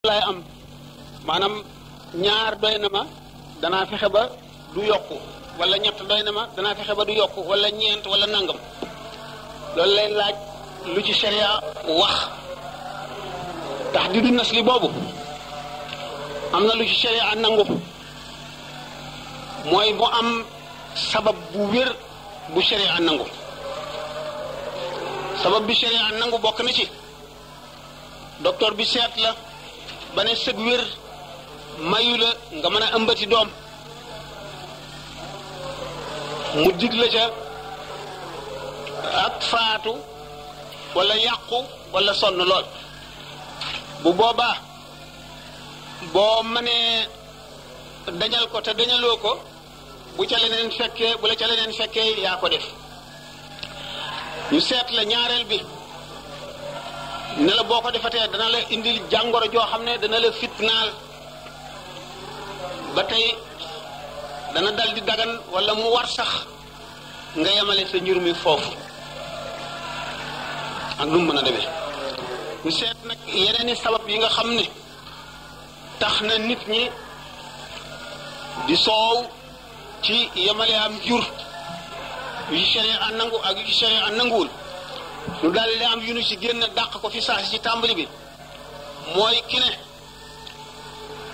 laay am maanaam ñaar doy na ma danaa fexe ba du yokk wala ñett doy na ma danaa fexe ba du yokk walla ñeent wala nangam loolu lay laaj lu ci sharia wax tax di du nas li boobu am na lu ci sharia nangu mooy bu am sabab bu wér bu sharia nangu sabab bi sharia nangu bokk na ci docteur bi seet la bane ne sëg wér nga mën a ëmbati doom mu dig la ca ak faatu wala yàqu wala sonn lool bu boobaa boo mënee dañal ko te dañaloo ko bu ca leneen fekkee bu la ca leneen fekkee yaa ko def ñu seet la ñaareel bi ne boo ko defatee dana la indi jàngoro joo xam ne dana la fitnaal ba tey dana dal di dagan walla mu war sax nga yemale sa njur mi foofu ak nu mën a deme mu seet nag yeneeni sabab yi nga xam ne tax na nit ñi di soow ci yemale am jur yu ci sharia nangu ak yu ci sharia nanguwul lu daal di am yu nu ci génn dàq ko fi saa si ci tàmbali bi mooy ki ne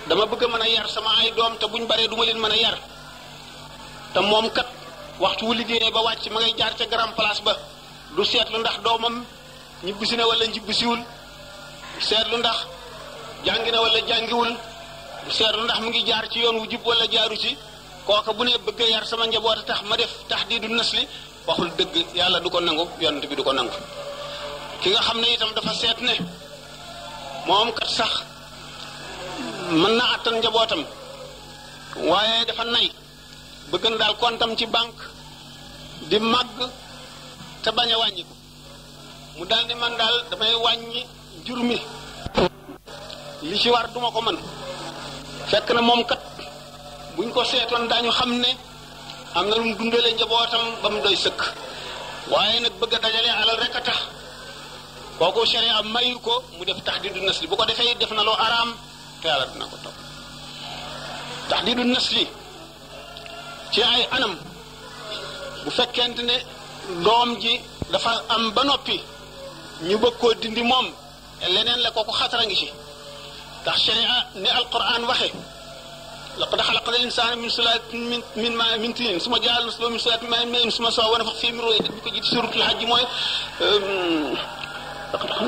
dama bëgg a mën a yar sama ay doom te buñ baree duma ma leen mën a yar te moom kat waxtu wu liggéeyee ba wàcc ma ngay jaar ca grand place ba du seetlu ndax doomam ñibbisi na wala ñibbisiwul du seetlu ndax jàngi na wala jàngiwul du seetlu ndax mu ngi jaar ci yoon wu jub wala jaaru ci kooka bu ne bëgg a yar sama njaboot tax ma def tax di nas li waxul dëgg yàlla du ko nangu yonent bi du ko nangu ki nga xam ne itam dafa seet ne moom kat sax mën na àttan njabootam waaye dafa nay bëgg na daal tam ci banque di màgg te bañ a wàññi mu daal di man daal damay wàññi jur mi li ci war duma ko mën fekk na moom kat buñ ko seetoon daañu xam ne am na lu mu dundale njabootam ba mu doy sëkk waaye nag bëgg a dajale alal rek a tax kooku sharia mayu ko mu def tahdiidu nasli boo ko defee def na loo araam te yàlla dina ko topp tahdiidu nasli ci ay anam bu fekkente ne doom ji dafa am ba noppi ñu bëgg koo dindi moom leneen la kooku xatara ngi ci ndax sharia ni alquran waxe laqad xalaqna l-insaana min sulaatin min maa'in min tiin summa ja'alna suluba min sulaatin min maa'in min summa sawaa wa nafaxna fiihi min ruuhinaa bi ko jiitu suuratul Hajj mooy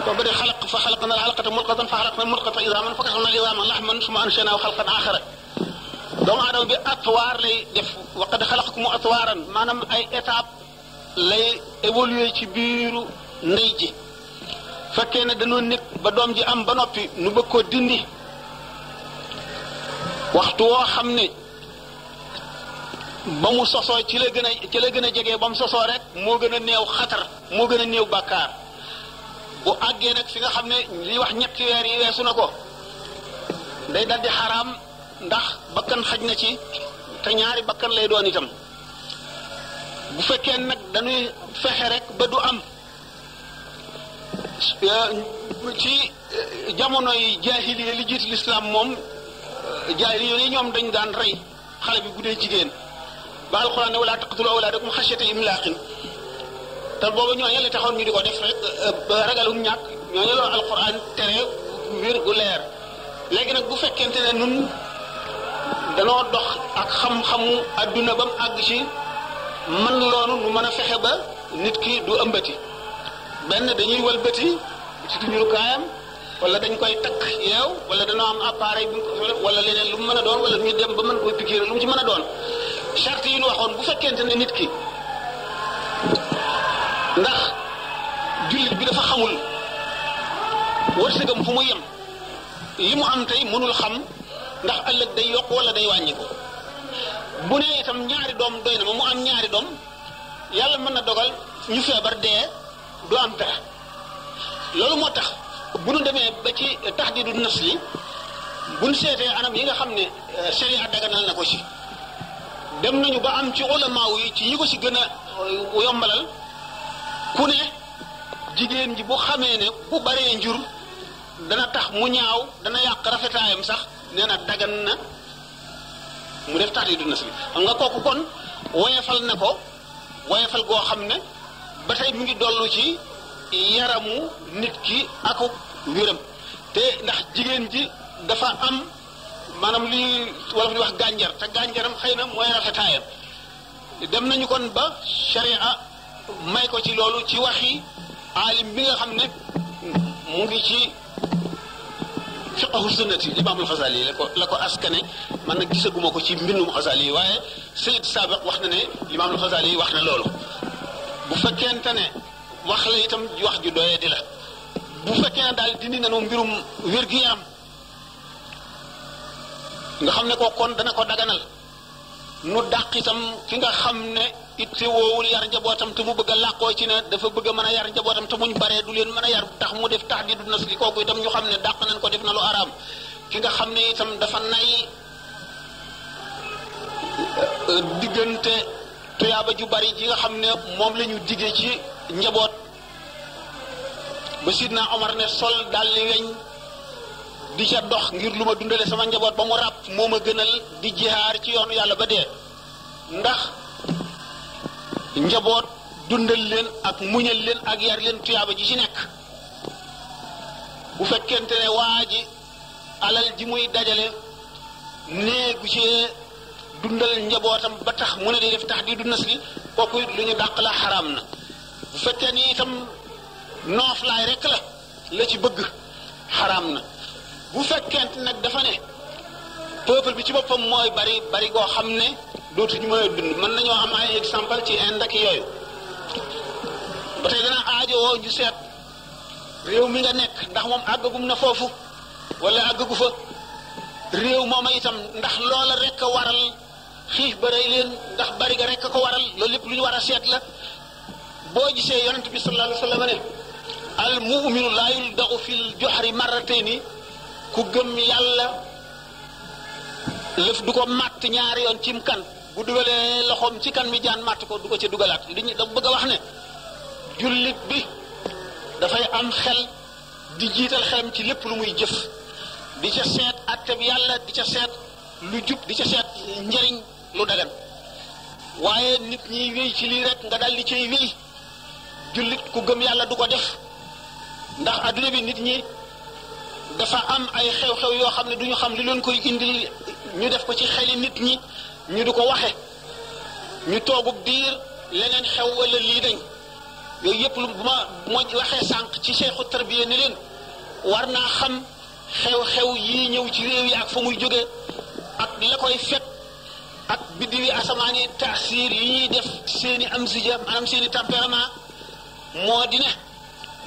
ko ba de xalaq fa xalaqna l-alaqata mudghatan fa xalaqna l-mudghata izaaman fa kasawna l-izaaman lahman summa ansha'naahu xalqan aaxara doomu aadama bi atwaar lay def wa qad xalaqakum atwaaran maanaam ay étape lay évoluer ci biiru ndey ji fekkee ne dañoo nekk ba doom ji am ba noppi nu bëgg koo dindi. waxtu woo xam ne ba mu sosoo ci la gën a ci la gën a jege ba mu sosoo rek moo gën a néew xatar moo gën a néew bàkkaar bu àggee nag fi nga xam ne li wax ñetti weer yi weesu na ko day daldi xaraam ndax bakkan xaj na ci te ñaari bakkan lay doon itam bu fekkee nag dañuy fexe rek ba du am ci jamono yi jaahiliya li jiitu lislaam moom jaay li yoon ñoom dañ daan rey xale bi bu dee jigéen ba alxuraan ne wala taqtulu awlaadakum xashyata imlaaqin te boobu ñooñu la taxoon ñu di ko def rek ba ragalum ñàkk ñooñu loolu alxuraan tere mbir gu leer léegi nag bu fekkente ne nun danoo dox ak xam-xamu adduna ba mu àgg ci man loonu nu mën a fexe ba nit ki du ëmbati benn dañuy walbati ci tuñul kaayam wala dañ koy takk yeew wala dañoo am appareil bi wala leneen lu mu mën a doon wala ñu dem ba mën koy pikiir lu mu ci mën a doon charte yi ñu waxoon bu fekkee ne nit ki ndax jullit bi dafa xamul wërsëgam fu mu yem li mu am tey mënul xam ndax ëllëg day yokk wala day wàññi ko bu ne itam ñaari doom doy na ma mu am ñaari doom yàlla mën na dogal ñu feebar dee du am dara loolu moo tax bu nu demee ba ci tahdiidu nafs yi bu nu seetee anam yi nga xam ne euh, sharia daganal na ko ci dem nañu ba am ci ulamaaw yi ci ñi ko ci gën a euh, yombalal ku ne jigéen ji bu xamee ne bu baree njur dana tax mu ñaaw dana yàq rafetaayam sax nee na dagan na mu def tahdiidu nafs yi xam nga kooku kon woyefal na ko woyefal goo xam ne ba tey mu ngi dollu ci yaramu nit ki akuk wéram te ndax jigéen ji dafa am maanaam li wolof di wax gànjar te gànjaram xëy na mooy rafetaayam dem nañu kon ba sharia may ko ci loolu ci waxi aalim bi nga xam ne mu ngi ci fiqhu sunnati imaamul xasali la ko la ko man nag gisaguma ko ci mbindum xasali waaye sayid sabiq wax na ne imaamul xasali yi wax na loolu bu fekkente ne wax la itam wax ju doyee di la bu fekkee ne daal dindi nanu mbirum wér-gu-yaram nga xam ne koo kon dana ko daganal nu dàq itam ki nga xam ne itte woowul yar njabootam te mu bëgg a làqoo ci ne dafa bëgg mën a yar njabootam te muñ bare du leen mën a yar tax mu def tax di du nas gi kooku itam ñu xam ne dàq nañ ko def na lu araam ki nga xam ne itam dafa nay diggante tuyaaba ju bari yi nga xam ne moom lañu ñu diggee ci njaboot ba sidna omar ne sol dal li weñ di ca dox ngir lu ma dundale sama njaboot ba mu ràpp moo a gënal di jihaar ci yoonu yàlla ba dee ndax njaboot dundal leen ak muñal leen ak yar leen tuyaaba ji ci nekk bu fekkente ne waa ji alal ji muy dajale néegu ci dundal njabootam ba tax mu ne di def tax di du nas li kooku lu ñu dàq la xaraam na bu fekkee ni itam noof laay rek la la ci bëgg xaraam na bu fekkente nag dafa ne peuple bi ci boppam mooy bari bari goo xam ne dootuñu mën a dund mën nañoo am ay exemple ci Inde ak yooyu ba tey dana aajowoo ñu seet réew mi nga nekk ndax moom àggagum na foofu wala àggagu fa réew mooma itam ndax loola rek a waral xiif ba rey leen ndax bari ga rek a ko waral loolu lépp lu ñu war a seet la boo gisee yonent bi sallallahu alayhi wa sallam ne al muminu laa yuldaxu fil joxari ni ku gëm yàlla lëf du ko màtt ñaari yoon cim kan bu dugalee loxoom ci kan mi jaan màtt ko du ko ci dugalaat li ñu da bëgg a wax ne jullit bi dafay am xel di jiital xelam ci lépp lu muy jëf di ca seet atteb yàlla di ca seet lu jub di ca seet njëriñ lu dagan waaye nit ñiy wéy ci lii rek nga dal di cay wéy jullit ku gëm yàlla du ko def ndax adduna bi nit ñi dafa am ay xew-xew yoo xam ne du ñu xam li leen koy indil ñu def ko ci xeli nit ñi ñu du ko waxe ñu toogub diir leneen xew wala lii dañ yooyu yëpp lu ma ma waxee sànq ci seexu tarbiya ni leen war xew-xew yii ñëw ci réew yi ak fa muy jóge ak la koy fekk ak biddi wi asamaan yi taasiir yi ñuy def seeni am si maanaam seeni tempérament moo dina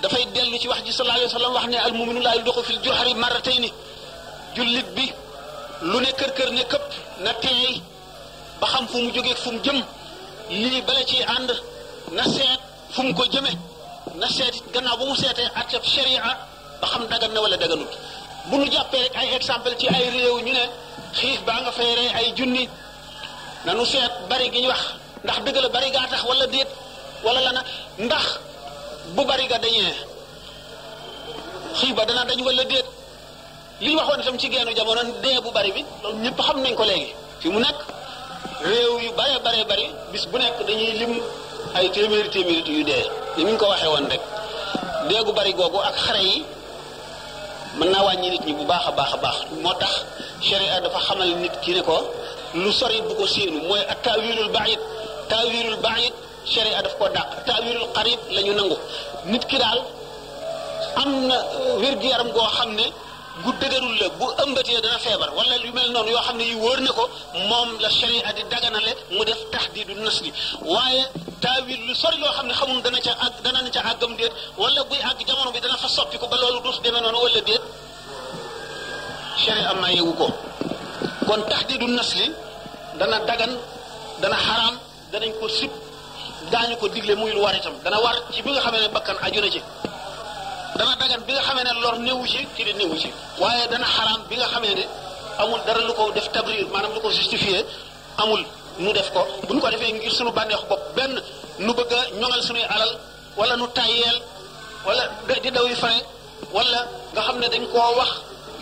dafay dellu ci wax ji sallallahu alayhi wa sallam wax ne al muminu laa yulduxu fil juhari marratayni jullit bi lu ne kër kër ne këpp na teey ba xam fu mu jógee fum jëm lii bala ci ànd na seet fu ko jëme na seet gannaaw ba mu seetee àtteb sharia ba xam dagan na wala daganut bu nu jàppee rek ay exemple ci ay réew ñu ne xiif baa nga fay rey ay junni nanu seet bari gi wax ndax dëgg la bari gaa tax wala déet wala lana ndax bu bari ga dañee xiiba dana dañ wala déet li ñu waxoon itam ci geenu jamono dee bu bari bi loolu ñëpp xam nañ ko léegi fi mu nekk réew yu bare bare bari bis bu nekk dañuy lim ay téeméeri téeméeri yu dee ni ñu ko waxee woon rek dee gu bari googu ak xare yi mën naa wàññi nit ñi bu baax a baax a baax moo tax sharia dafa xamal nit ki ne ko lu sori bu ko séenu mooy ak taawilul baid taawilul baid sharia def koo dàq taawilul xarib la ñu nangu nit ki daal am na euh, wér-gu-yaram goo xam ne gu dëgërul la bu ëmbatee dana feebar wala lu mel noonu yoo xam ne yi wóor na ko moom la sharia di daganale mu def tahdiidu nasli waaye taawil lu sori yoo xam ne xamul dana ca àgg dana ca àggam déet wala buy àgg jamono bi dana fa soppi ko ba loolu duuf demee noonu wala déet sharia ko kon tahdiidu dagan dana xaraam danañ ko sib daañu ko digle muy lu war itam dana war ci bi nga xamee ne bakkan aju na ci dana dagan bi nga xamee ne lor néewu ci ci di néewu ci waaye dana xaraam bi nga xamee ne amul dara lu ko def tabrir maanaam lu ko justifié amul nu def ko bu ñu ko defee ngir suñu bànneexu bopp benn nu bëgg a ñoŋal suñuy alal wala nu tàyyeel wala di daw yi fare wala nga xam ne dañ koo wax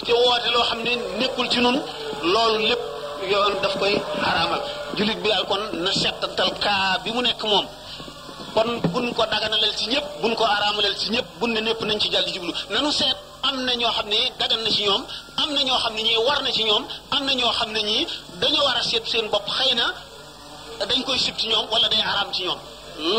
ci woote loo xam ne nekkul ci nun loolu lépp yoon daf koy xaraamal jullit bi daal kon na settantal kaa bi mu nekk moom kon buñ ko daganaleel ci ñëpp buñ ko araamaleel ci ñëpp buñ ne népp nañ ci jàll jublu nanu seet am na ñoo xam ne dagan na ci ñoom am na ñoo xam ne ñii war na ci ñoom am na ñoo xam ne ñii dañoo war a seet seen bopp xëy na dañ koy sib ci ñoom wala day araam ci ñoom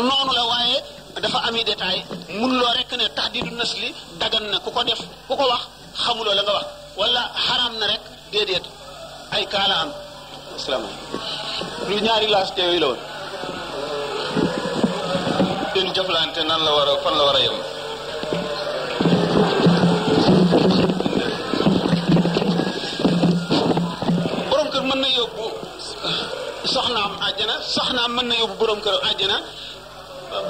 noonu la waaye dafa ami détail mun loo rekk ne tahdiidu nasli dagan na ku ko def ku ko wax xamuloo la nga wax wala xaraam na rek déedéet ay kaala am asalaamaaleykum lu ñaari glace te yooyu la woon seen jëflante nan la war a fan la war a yem borom kër mën na yóbbu soxnaam àjjana soxnaam mën na yóbbu borom kër àjjana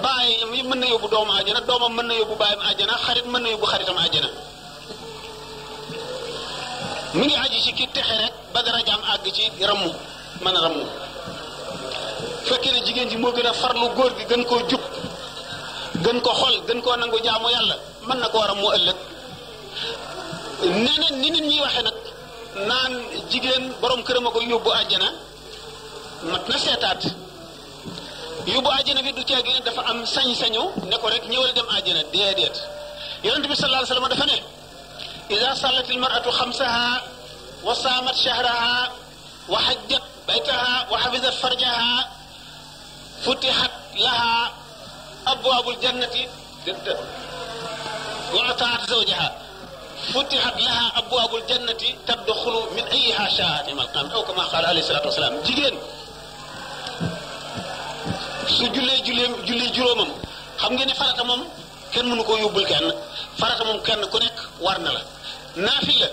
baay mën na yóbbu doomu àjjana doomam mën na yóbbu baayam àjjana xarit mën na yóbbu xaritam àjjana mi ngi aji ci ki texe rek ba darajaam àgg ci rammu mën a rammu fekkee ne jigéen ji moo gën a far farlu góor gi gën koo jub gën koo xol gën koo nangu jaamu yàlla mën na koo rammu ëllëg neneen ni nit ñi waxe nag naan jigéen boroom kërama ko yóbbu àjjana mat na seetaat yóbbu àjjana bi du ceeg ne dafa am sañ-sañu ne ko rek ñëwal dem àjjana déedéet yonent bi sallallahu alayhi wasallam dafa ne ida sallat almaratu xamsaha wa saamat shahraha wa xajjat baytaha wa xafisat farjaha futixat laha abwaabu aljannati wa ataat zawjaha futixat laha abwaabu aljannati tadxulu min ayiha shaat imal qam aw kama qaala alayhi salatu wasalaam jigéen su jullee jullee julli juróomam xam ngeen ne farata moom kenn mënu koo yóbbul kenn farata moom kenn ku nekk war na la naafila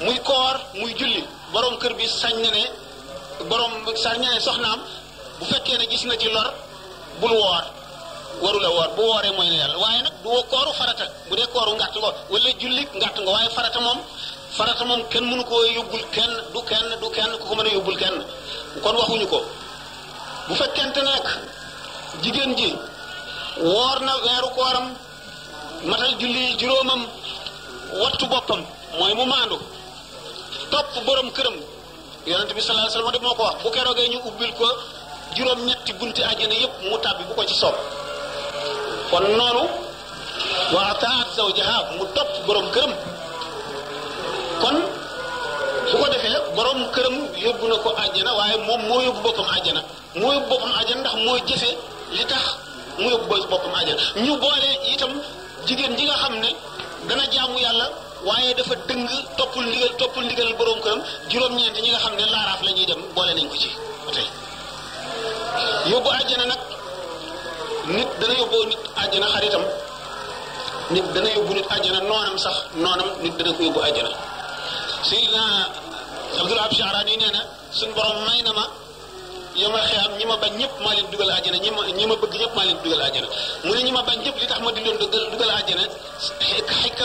muy koor muy julli borom kër bi sañ na ne borom sañ na ne soxnaam bu fekkee ne gis na ci lor bul woor warula woor bu wooree mooy ne yàlla waaye nag du kooru farata bu dee kooru ngàtt nga wala julli ngàtt nga waaye farata moom farata kenn mënu ko yóbbul kenn du kenn du kenn ku ko mën a yóbbul kenn kon waxuñu ko bu fekkente nag jigéen ji woor na weeru kooram matal julli juróomam wattu boppam mooy mu maandu topp borom këram yonente bi sallallahu alayhi ko wax bu keroogee ñu ubbil ko juróom ñetti bunti àjjana yépp mu tàbbi bu ko ci soob kon noonu waa taat zawjaha mu topp borom këram kon su ko defee borom këram yóbbu na ko àjjana waaye moom moo yóbbu boppam àjjana moo yóbbu boppam àjjana ndax moo jëfe li tax mu yóbbu boppam àjjana ñu boole itam jigéen ji nga xam ne dana jaamu yàlla waaye dafa dëng toppul ndigal toppul ndigal borom këram juróom-ñeent ñi nga xam ne laaraaf la ñuy dem boole nañ ko ci ba tey yóbbu àjjana nag nit dana yóbboo yóbbu nit àjjana noonam sax noonam nit dana ko yóbbu àjjana Seydina Abdul Abd Sha'rani nee na suñ borom may na ma. yomal xiyaam ñi ma bañ ñëpp maa leen dugal àjjana ñi ma ñi ma bëgg ñëpp maa leen dugal àjjana mu ne ñi ma bañ ñëpp li tax ma di leen dugal àjjana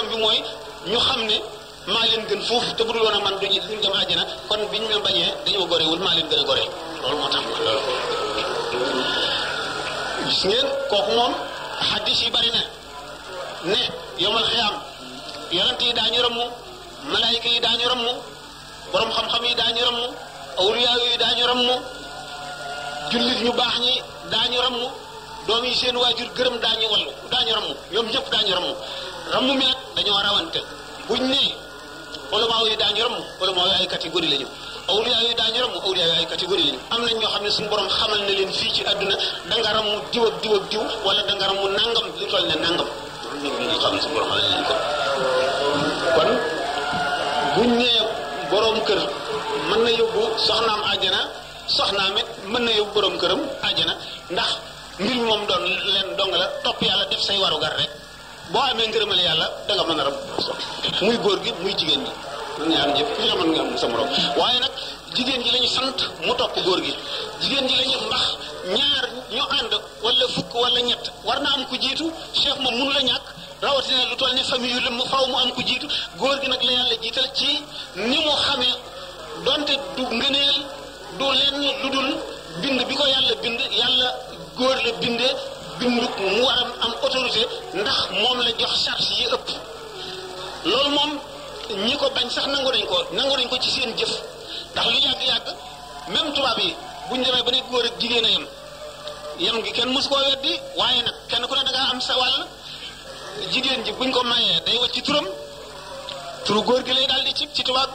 bi mooy ñu xam ne maa leen gën foofu te budul a man duñu duñ dem kon bi ñu ma bañee dañoo gorewul maa leen gën a gore loolu moo tax gis ngeen kooku moom xaddis yi bari ne yomal xiyaam yonent yi daañu rëmm malaayika yi daañu rëmm borom xam-xam yi daañu rëmm awliya yi daañu rëmm jullit ñu baax ñi daañu rammu doom yi seen waajur gërëm daañu wallu daañu rammu ñoom ñëpp daañu rammu rammu mi nag dañoo rawante buñ ne ulamaa yi daañu rammu ulamaa yi ay catégorie la ñu awliyaa yi daañu rammu awliyaa yi ay catégorie la am nañ ñoo xam ne xamal na leen fii ci àdduna danga rammu diw ak diw ak diw wala danga rammu nangam lu toll ne nangam ñoo xam ne borom ko borom kër mën na yóbbu soxnaam àjjana soxnaam it mën na yóbbu borom këram àjjana ndax mbir moom doon leen dong la topp yàlla def say warugar rek boo amee ngërëmal yàlla danga mën a rab muy góor gi muy jigéen gi mën sa morom waaye nag jigéen gi la ñu sant mu topp góor gi jigéen gi la ñu mbax ñaar ñu ànd wala fukk wala ñett war na am ku jiitu cheikh moom mënu la ñàkk rawatina lu toll ni famille yu lëmm faw mu am ku jiitu góor gi nag la yàlla jiital ci ni mu xamee donte du ngëneel du lenn lu dul bind bi ko yàlla bind yàlla góor la bindee binduk mu war am autorité ndax moom la jox charge yi ëpp loolu moom ñi ko bañ sax nangu nañ ko nangu nañ ko ci seen jëf ndax lu yàgg-yàgg même tubaab yi bu ñu demee ba ne góor ak jigéen a yem yem kenn mësu koo weddi waaye nag kenn ku ne da ngaa am sa wàll jigéen ji buñ ko mayee day wacc ci turam pour góor gi lay daal di cib ci tubaab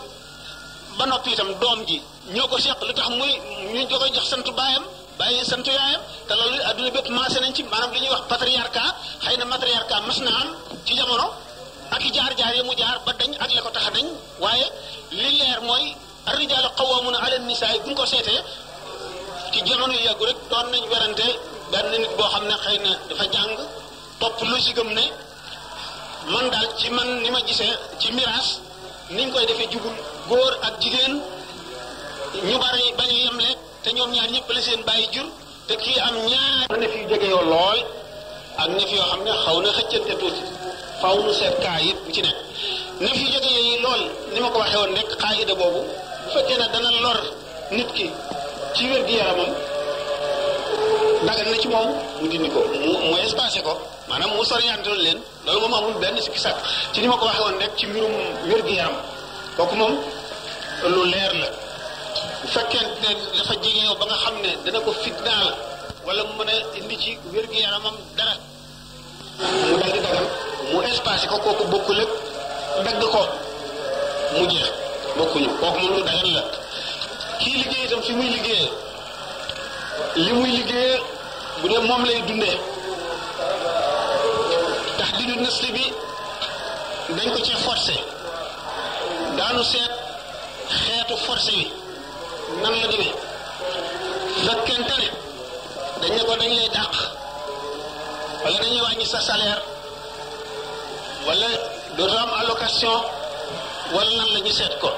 ba noppi itam doom ji ñoo ko seq lu tax muy ñu da koy jox santu baayam bàyyi santu yaayam te loolu adduna bépp maase nañ ci maanaam li ñuy wax patriarcat xëy na matriarcat mas na am ci jamono ak i jaar-jaar yi mu jaar ba dañ ak la ko tax a dañ waaye li leer mooy arrijaalu qawwaamuuna ala nisaa bu ñu ko seetee ci jamono yu rek doon nañ werante benn nit boo xam ne xëy na dafa jàng topp logique am ne man daal ci man ni ma gisee ci miraas niñ koy defee jubul góor ak jigéen ñu bari bañ a yemle te ñoom ñaar ñëpp la seen bàyyi jur te kii am ñaar nef yu jege yoo lool ak nef yoo xam ne xaw na xëccante tuuti faw lu seet kaa yi bu ci nekk nef yu jege yooyu lool ni ma ko waxee woon rek xaayida boobu bu fekkee ne dana lor nit ki ci wér-gi-yaramam dagal na ci moom mu dindi ko mu mu espacé ko maanaam mu soriyantal leen loolu moom amul benn sikki sàkk ci ni ma ko waxee woon rek ci mbirum wér-gi-yaram kooku moom lu leer la bu fekkente ne dafa jege ba nga xam ne dana ko fitnaal wala mu mën a indi ci wér-gu-yaramam dara mu daal di mu espacé ko kooku bokkul ak dagg ko mu jeex bokkuñu kooku moom lu dagan la kii liggéey itam fi muy liggéeyee li muy liggéeyee bu dee moom lay dundee tax di du bi dañ ko ci forcé daanu seet xeetu forcé bi nan la demee fekkente dañ ne ko dañ lay dàq wala dañuy wàññi sa salaire wala dootoo am allocation wala nan la ñu seet ko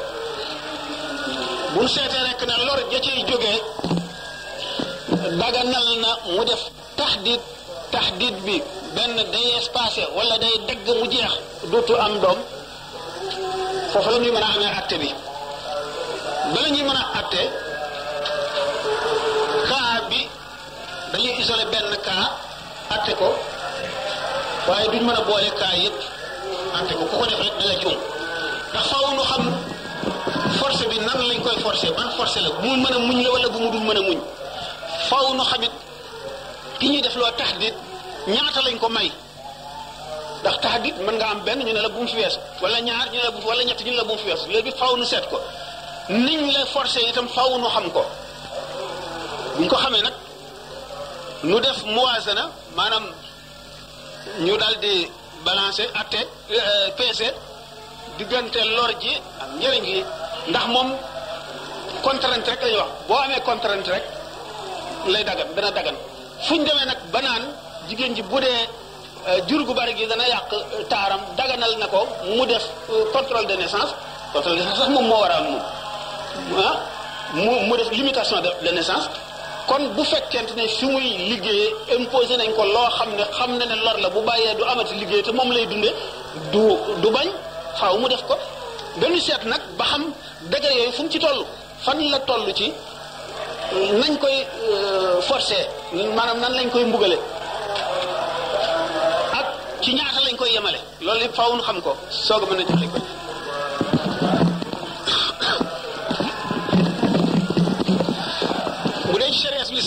bu ñu seetee rek ne lor ja ciy jógee daganal na mu def taxdid taxdid bi benn day espacé wala day dagg mu jeex dootu am doom foofu la ñuy mën amee acte bi. bala ñuy mën a àtte kaa bi dañuy isolé benn kaa àtte ko waaye duñ mën a boole kaa yëpp àtte ko ku ko def rek dala juum ndax faaw nu xam force bi nan lañ koy forcé ban forcé la bu mu mën a muñ la wala bu mu dul mën a muñ faaw nu xamit ki ñuy def loo tahdid ñaata lañ ko may ndax tahdid mën nga am benn ñu ne la bu mu fi wees wala ñaar ñu ne la bu ñett ñu ne la bu mu fi wees léegi faaw nu seet ko niñ la forcé itam faw nu xam ko buñ ko xamee nag nu def muwaasana maanaam ñu daal di balancer atte euh, peese diggante lor ji ak njëriñ gi ndax moom contrainte rek la ñuy boo amee contrainte rek lay dagan dana dagan fu ñu demee nag ba naan jigéen ji bu dee euh, jur gu bari gi dana yàq euh, taaram daganal na ko mu def contrôle de naissance contrôle de naissance moom moo war a am moom ah mu mu def limitation de naissance kon bu fekkente ne su muy liggéeyee imposé nañ ko loo xam ne xam na ne lor la bu bàyyee du amati liggéey te moom lay dunde du du bañ faaw mu def ko dañu seet nag ba xam degré yooyu fu ci toll fan la toll ci nañ koy euh, force maanaam nan lañ koy mbugale ak ci ñaata lañ koy yemale loolu it faaw ñu xam ko soog a mën ko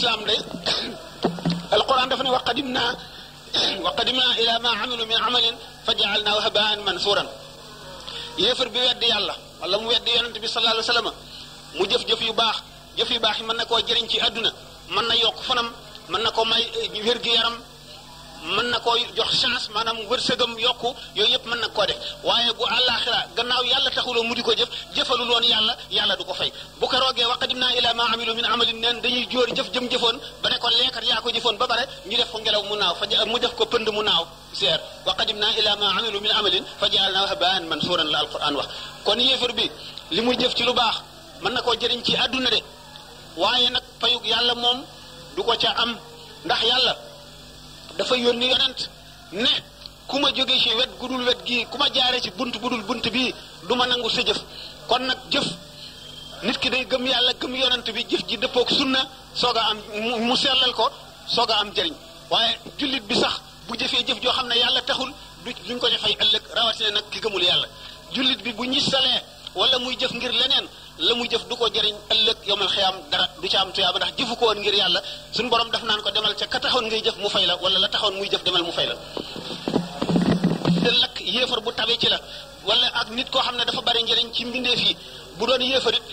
lislaam day alquran dafa ne wa qadimna wa qadimna ila ma amilu min amalin fa jaalnaahu habaan manfuuran yéefar bi weddi yàlla wala mu weddi yonente bi sallallahu alayhi wa sallam mu jëf-jëf yu baax jëf yu baax yi mën na koo jëriñ ci àdduna mën na yokk fanam mën na ko may wér-gi-yaram mën na koo jox chance maanaam wërsëgam yokku yooyu yëpp mën na koo def waaye bu àllaaxira gannaaw yàlla taxuloo mu di ko jëf jëfalul woon yàlla yàlla du ko fay bu ko roogee wa qadimnaa ilaa maa amilu min amalin neen dañuy jóor jëf jëm jëfoon ba ne ko leekat yaa ko jëfoon ba bare ñu def ko ngelaw mu naaw fa mu def ko pënd mu naaw seer wa qadimnaa ilaa maa amilu min amalin fa jaalnaahu habaan mansuuran la alquran wax kon yéefar bi li muy jëf ci lu baax man na koo jëriñ ci àdduna de waaye nag payug yàlla moom du ko ca am ndax yàlla dafa yónni yonent ne ku ma jóge ci wet gudul wet gii ku ma jaare ci bunt budul bunt bi du ma nangu sa jëf kon nag jëf nit ki day gëm yàlla gëm yonent bi jëf ji dëppook sunna soog a am mu sellal ko soog a am jëriñ waaye jullit bi sax bu jëfee jëf joo xam ne yàlla taxul du duñ ko defay ëllëg rawatina nag ki gëmul yàlla jullit bi bu ñi wala muy jëf ngir leneen la muy jëf du ko jëriñ ëllëg yomal xiyam dara du ca am tuyaaba ndax jëfu ko woon ngir yàlla suñ borom daf naan ko demal ca ka taxoon ngay jëf fay la la taxoon muy jëf demal mu fay la te bu tabe ci la wala ak nit koo xam ne dafa bari njëriñ ci mbindeef yi bu doon yéefarit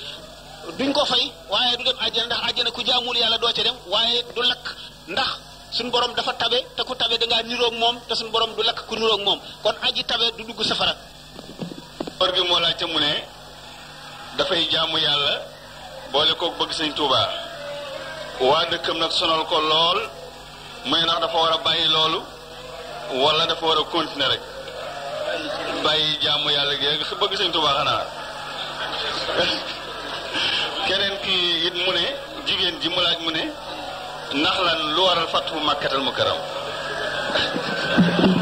duñ ko fay waaye du dem àjjana ndax àjjana ku jaamul yàlla doo ca dem waaye du lakk ndax suñu borom dafa tabe te ku tabe dangaa niroog moom te suñu borom du lakk ku niroog moom kon aji tabe du dugg safara koor gi moo laajte mu ne dafay jàmm yàlla boole kook bëgg sëñ Tuuba waa dëkkam nag sonal ko lool mu ne ndax dafa war a bàyyi loolu walla dafa war a continuer rek bàyyi jaamu yàlla gi rek bëgg sëñ Tuuba xanaa keneen kii it mu ne jigéen ji mu laaj mu ne ndax lan lu waral fàttu makkatal mu karam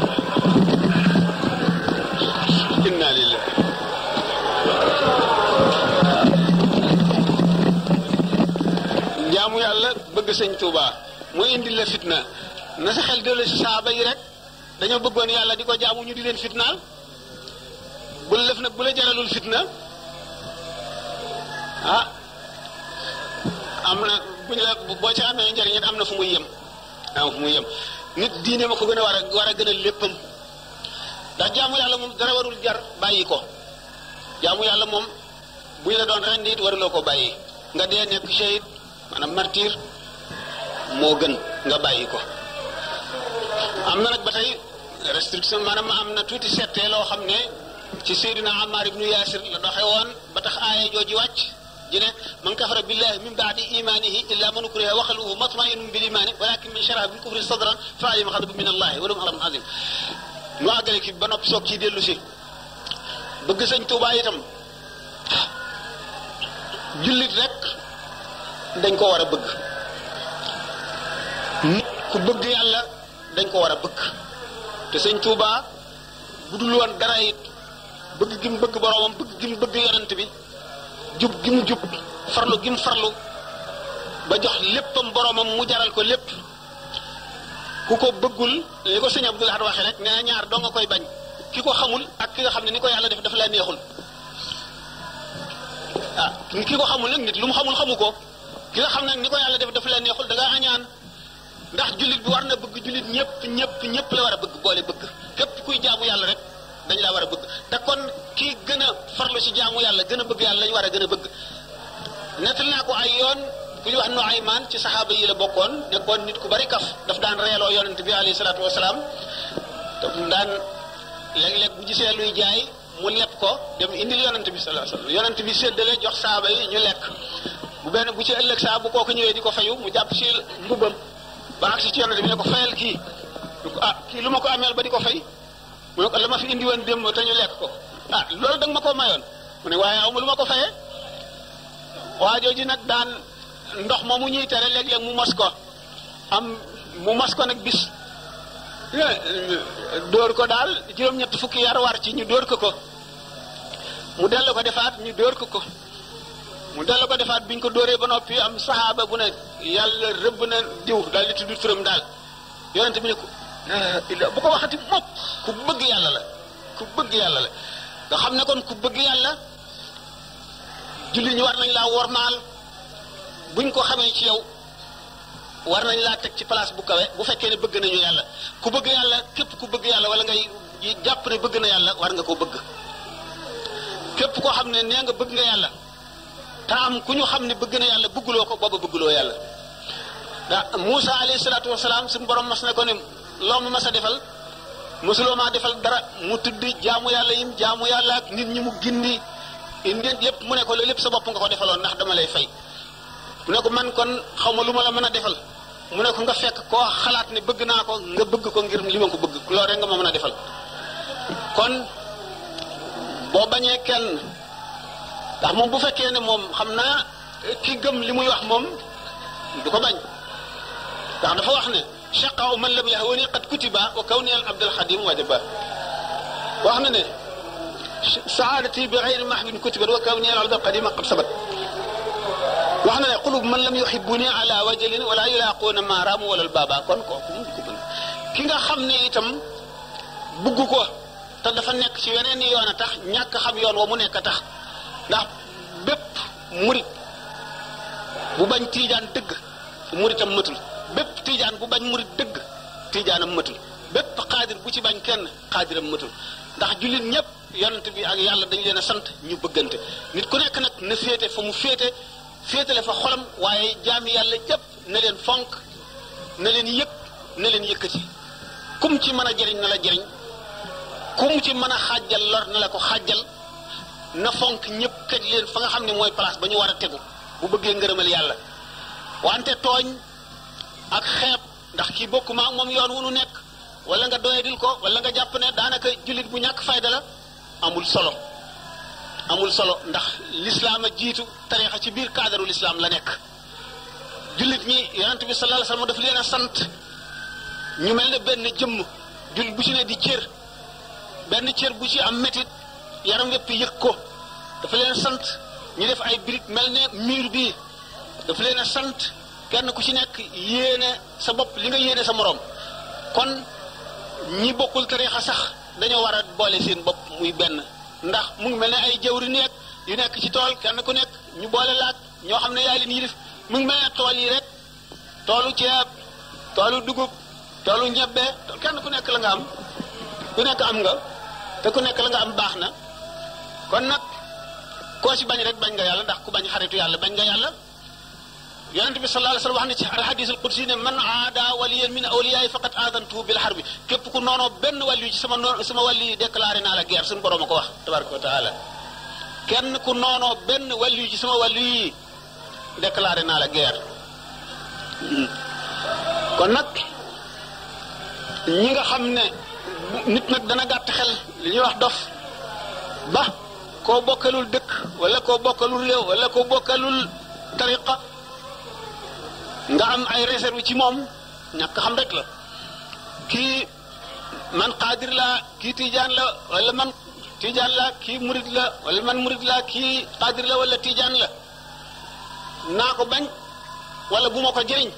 jaamu yàlla bëgg sëñ Tuubaa mu indi la fitna na sa xel dellu si saaba yi rek dañoo bëggoon yàlla di ko jaamu ñu di leen fitnaal bu la def nag bu jaralul fitna ah am na bu ñu la boo ci amee njariñ am na fu muy yem am nit diine ma ko gën a war a war a gën a léppam ndax jaamu yàlla moom dara warul jar bàyyi ko jaamu yàlla moom bu ñu la doon rendi it waruloo ko bàyyi nga dee nekk shahid maanaam martyr moo gën nga bàyyi ko am na nag ba tey restriction maanaam ma am na tuuti set loo xam ne ci Seydina Ammar ibnu Yaasir la doxe woon ba tax aaya jooju wàcc ji man kafara billahi min baadi imanihi illa man ukriha wa qalbuhu mutma'innun bil imani walakin man sharaha bil kufri sadran fa alayhim ghadabun min allahi wa lahum adhabun azim ñu àggale ci ba nopp soog ci dellu si bëgg sëñ Tuubaa jullit rek dañ ko war a bëgg nit ku bëgg yàlla dañ ko war a bëgg te sëñ Tuuba bu dul woon dara it bëgg gi mu bëgg boroomam bëgg gi bëgg yonent bi jub gi mu jub farlu gi farlu ba jox léppam boroomam mu jaral ko lépp ku ko bëggul li ko sëñ Abdul Ahad waxee rek ne na ñaar doo nga koy bañ ki ko xamul ak ki nga xam ne ni ko yàlla def dafa la neexul ah ki ko xamul nag nit lu mu xamul xamu ko ki xam nag ni ko yàlla daf dafa la neexul da ngaa añaan ndax jullit bi war na bëgg jullit ñëpp ñëpp ñëpp la war a bëgg boole bëgg képp kuy jaamu yàlla rek dañ laa war a bëgg te kon kii gën a farlu si jaamu yàlla gën a bëgg yàlla lañ war a gën a bëgg nettal naa ko ay yoon ku ñu wax no ay maan ci saxaaba yi la bokkoon nekkoon nit ku bari kaf daf daan reeloo yonent bi alayhi salaatu wasalaam daf daan léeg-léeg bu gisee luy jaay mu lepp ko dem indil yonent bi salaa sallam yonent bi séddale jox saaba yi ñu lekk bu benn bu ci ëllëg saa bu kooku ñëwee di ko fayu mu jàpp ci mbubbam ba agsi ci yonent bi ne ko fayal kii ah kii lu ma ko ameel ba di ko fay mu ne ko la ma fi indi woon démb te ñu lekk ko ah, da ma ko mayoon aw ma ko fayee waa jooju nag daan ndox ma mu ñuy tere mu mos ko am mu mos ko nag bis eh, dóor ko daal juróom-ñett fukki yar war ci ñu dóor ko ko mu dellu ko defaat ñu dóor ko ko mu delloo ko defaat bi ñu ko dóoree ba noppi am saxaaba bu ne yàlla rëbb na diw daal di tudd daal yonent bi ne ko bu ko waxati mukk ku bëgg yàlla la ku bëgg yàlla la nga xam ne kon ku bëgg yàlla julli ñu war nañ laa wormaal buñ ko xamee ci yow war nañ laa teg ci place bu kawe bu fekkee ne bëgg nañu yàlla ku bëgg yàlla képp ku bëgg yàlla wala ngay jàpp ne bëgg na yàlla war nga ko bëgg képp koo xam ne nee nga bëgg nga yàlla te am ku ñu xam ne bëgg na yàlla bëgguloo ko booba bëgguloo yàlla da Muusa alayhi salaatu wasalaam suñu borom mas na ko ne loo ma mas a defal mosuloo maa defal dara mu tudd jaamu yàlla yim jaamu yàlla ak nit ñi mu gindi indi lépp mu ne ko lépp sa bopp nga ko defaloon ndax dama lay fay mu ne ko man kon xaw ma lu ma la mën a defal mu ne ko nga fekk ko xalaat ne bëgg naa ko nga bëgg ko ngir li ma ko bëgg loolu rek nga ma mën a defal kon boo bañee kenn ndax moom bu fekkee ne moom xam naa ki gëm li muy wax moom du ko bañ ndax dafa wax ne shaqaaw man lam yahwani qad kutiba wa kawni al abdul xadim wajaba wax na ne saadati be xeyri mahbin kutibat wa kawni al abdul xadim qad sabat wax na ne qulub man lam yuhibuni ala wajalin wala yulaquuna ma raamu wala baaba kon kooku mun ko ki nga xam ne itam bugg ko dafa nekk ci weneen yoon a tax ñàkk xam yoon wa mu ne a tax ndax bépp murit bu bañ tiijaan dëgg muritam matul bépp tiijaan bu bañ murit dëgg tiijaanam matul bépp xaadir bu ci bañ kenn xaadiram matul ndax jullit ñëpp yonent bi ak yàlla dañu leen a sant ñu bëggante nit ku nekk nag na féete fa mu féete féetale fa xolam waaye jaami yàlla yëpp na leen fonk na leen yëg na leen yëkkati kum ci mën a jëriñ na la jëriñ kum ci mën a xaajal lor na la ko xaajal na fonk ñëpp këj leen fa nga xam ne mooy place ba ñu war a tegu bu bëggee ngërëmal yàlla wante tooñ ak xeeb ndax kii bokkuma ak moom yoon wu nu nekk wala nga doyadil ko wala nga jàpp ne daanaka jullit bu ñàkk fayda la amul solo amul solo ndax lislaam a jiitu tariixa ci biir cadre lislaam la nekk jullit ñi yonent bi sallallahu alayhi wasallam daf leen a sant ñu mel ne benn jëmm jullit bu ci ne di cër benn cër bu ci am metit yaram wépp yëg ko dafa leen sant ñu def ay birit mel ne mur bi dafa leen a sant kenn ku ci nekk yéene sa bopp li nga yéene sa moroom kon ñi bokkul tariixa sax dañoo war a boole seen bopp muy benn ndax mu ngi mel ne ay jawri nekk yu nekk ci tool kenn ku nekk ñu boole laat ñoo xam ne yaay leen yilif mu ngi mel ne tool yi rek toolu ceeb toolu dugub toolu ñebbe kenn ku nekk la nga am ku nekk am nga te ku nekk la nga am baax na kon nag koo ci bañ rek bañ nga yàlla ndax ku bañ xaritu yàlla bañ nga yàlla yonent bi sallallahu alayhi wa wax na ci alhadisul qudsi ne man aada waliyan min awliyaay faqat aadantuhu bil harbi képp ku noono benn wàllu ci sama noon sama wàllu yi déclaré naa la guerre suñu borom ko wax tabaraka wa taala kenn noonoo benn wàllu ci sama wàllu yi déclaré naa kon nag ñi nga xam ne nit nag dana gàtt xel li ñuy wax dof ba koo bokkalul dëkk wala ko bokkalul réew wala koo bokkalul tariqa nga am ay réserve ci moom ñakk xam rek la kii man xaadir la kii tijaan la wala man tijaan la kii murid la wala man murid la kii xaadir la wala tijaan la naa ko bañ wala bu ma ko jëriñ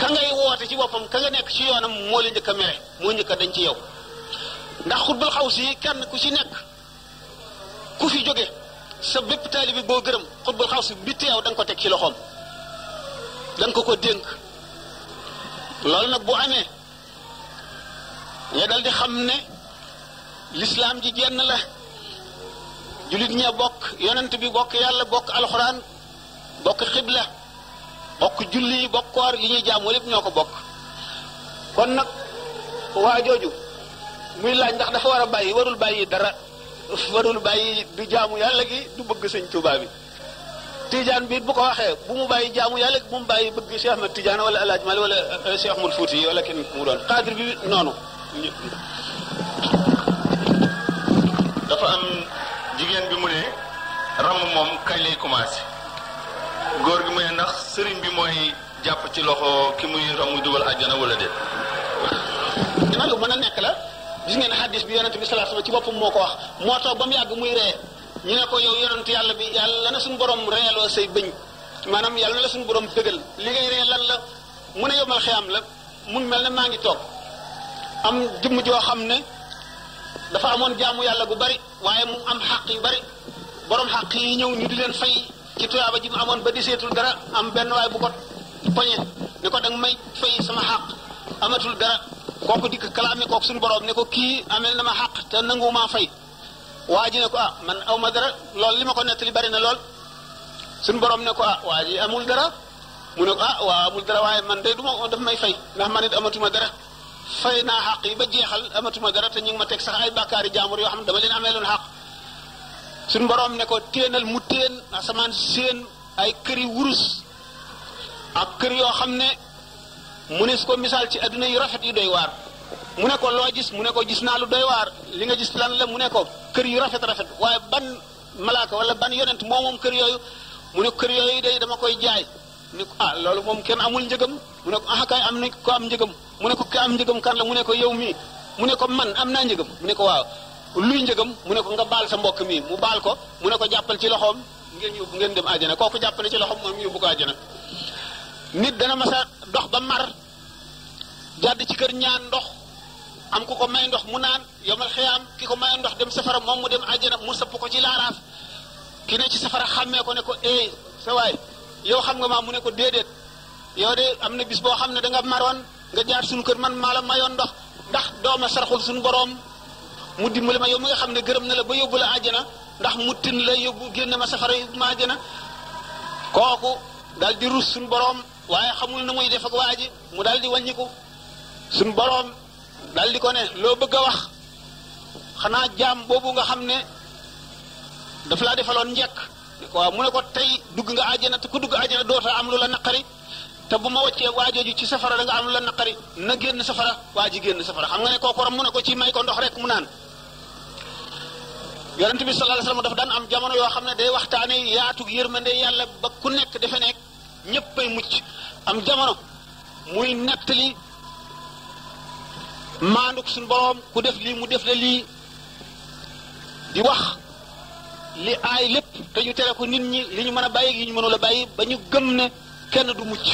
ka ngay woote ci boppam ka nga nekk ci yoonam moo la njëkk a mere moo njëkk a dañ ci yow ndax xutbal xaw si kenn ku ci nekk ku fi jóge sa bépp taalibi boo gërëm xutbul xaw si bi teew da ko teg ci loxoom da ko ko dénk loolu nag boo amee nga dal di xam ne lislaam ji jenn la jullit ña bokk yonent bi bokk yàlla bokk alxuraan bokk xibla bokk julli yi bokk koor yi ñuy jaamu lépp ñoo ko bokk kon nag waa jooju muy laaj ndax dafa war a bàyyi warul bàyyi dara warul bàyyi du jaamu yàlla gi du bëgg sëñ Tuubaa bi Tijaan bu ko waxee bu mu bàyyi jaamu yàlla gi bu mu bàyyi bëgg Cheikh Ahmad Tijaan wala El Hadj Mali wala eh, Cheikh Fuuti yi wala kenn ku mu doon xaadir bi noonu. dafa am jigéen bi mu ne ramm moom kañ lay commencé góor gi mu ne ndax sëriñ bi mooy jàpp ci loxo ki muy ramm dugal àjjana wala déet. dina lu mën a nekk la. dis ngeen xaddis bi yonente bi sallallahu alayhi wasallam ci boppam moo ko wax moo toog ba mu yàgg muy ree ñu ne ko yow yonent yàlla bi yàlla na suñu borom reeloo say bëñ maanaam yàlla na la suñu borom dëgal li ngay ree lan la mu ne yomal xiyam la mun mel ne maa ngi toog am jëmm joo xam ne dafa amoon jaamu yàlla gu bari waaye mu am xaq yu bari borom xaq yi ñëw ñu di leen fay ci tuyaaba ji mu amoon ba di seetul dara am benn waay bu ko poñe ne ko danga may fay sama xaq amatul kooku dikk kalaame kook suñu borom ne ko kii amel na ma xaq te nanguwumaa fay waa ji ne ko ah man aw ma dara lool li ma ko nettali bari na lool suñu borom ne ko ah waa amul dara mu ne ko ah waa amul dara waaye man de du ma daf may fay ndax man it amatuma dara fay naa xaq yi ba jeexal amatuma dara te ñu ma teg sax ay bàkkaari jaamur yoo xam ne dama leen amee loon xaq suñu borom ne ko téenal mu téen asamaan séen ay këri wurus ak kër yoo xam ne mu ne su ko misaal ci adduna yi rafet yi doy waar mu ne loo gis mu ne ko gis naa lu doy waar li nga gis lan la mu ne ko kër yu rafet rafet waaye ban malaaka wala ban yonent moo kër yooyu mu ne kër yooyu day dama koy jaay ni ko ah loolu moom kenn amul njëgam mu ne ko ah am na ko am njëgam mu ne ko ka am njëgam mu ne yow mii mu ne ko am naa njëgam ne ko waaw luy njëgam mu ne nga baal sa mbokk mii mu baal ko mu ne ko jàppal ci loxoom ngeen yóbbu ngeen dem àjjana kooku jàppale ci loxoom moom yóbbu ko àjjana nit dana masa dox ba mar jàdd ci kër ñaan ndox am ku ko may ndox mu naan yomal xiyaam ki ko may ndox dem safara moom mu dem àjjana mu sëpp ko ci laaraaf ki ci safara xàmmee ko ne ko eh yow xam nga ma mu ne ko déedéet yow de am na bis boo xam ne da nga maroon nga jaar suñu kër man maa la mayoon ndox ndax dooma saraxul suñu boroom mu dimbali ma yow mi nga xam ne gërëm na la ba yóbbu la na ndax mu tin la yóbbu génne ma safara yóbbu ma àjjana kooku daal di rus suñu boroom waaye xamul na muy def ak waa mu daal di wàññiku suñ boroom dal di ko ne loo bëgg a wax xanaa jaam boobu nga xam ne daf laa defaloon njekk waaw mu ne ko tey dugg nga àjjana te ku dugg àjjana doota am lu la naqari te bu ma wàccee waajooju ci safara da nga am lu la naqari na génn safara waa ji génn safara xam nga ne kooku ram mu ne ko ci may ko ndox rek mu naan yonent bi sallallahu alayhi wasallam dafa daan am jamono yoo xam ne day waxtaane yaatug yërmande yàlla ba ku nekk defe nekk ñépp ay mucc am jamono muy nettali maanduk suñu borom ku def lii mu def la lii di wax li aay lépp te ñu tere ko nit ñi li ñu mën a bàyyi yi ñu mënul a bàyyi ba ñu gëm ne kenn du mucc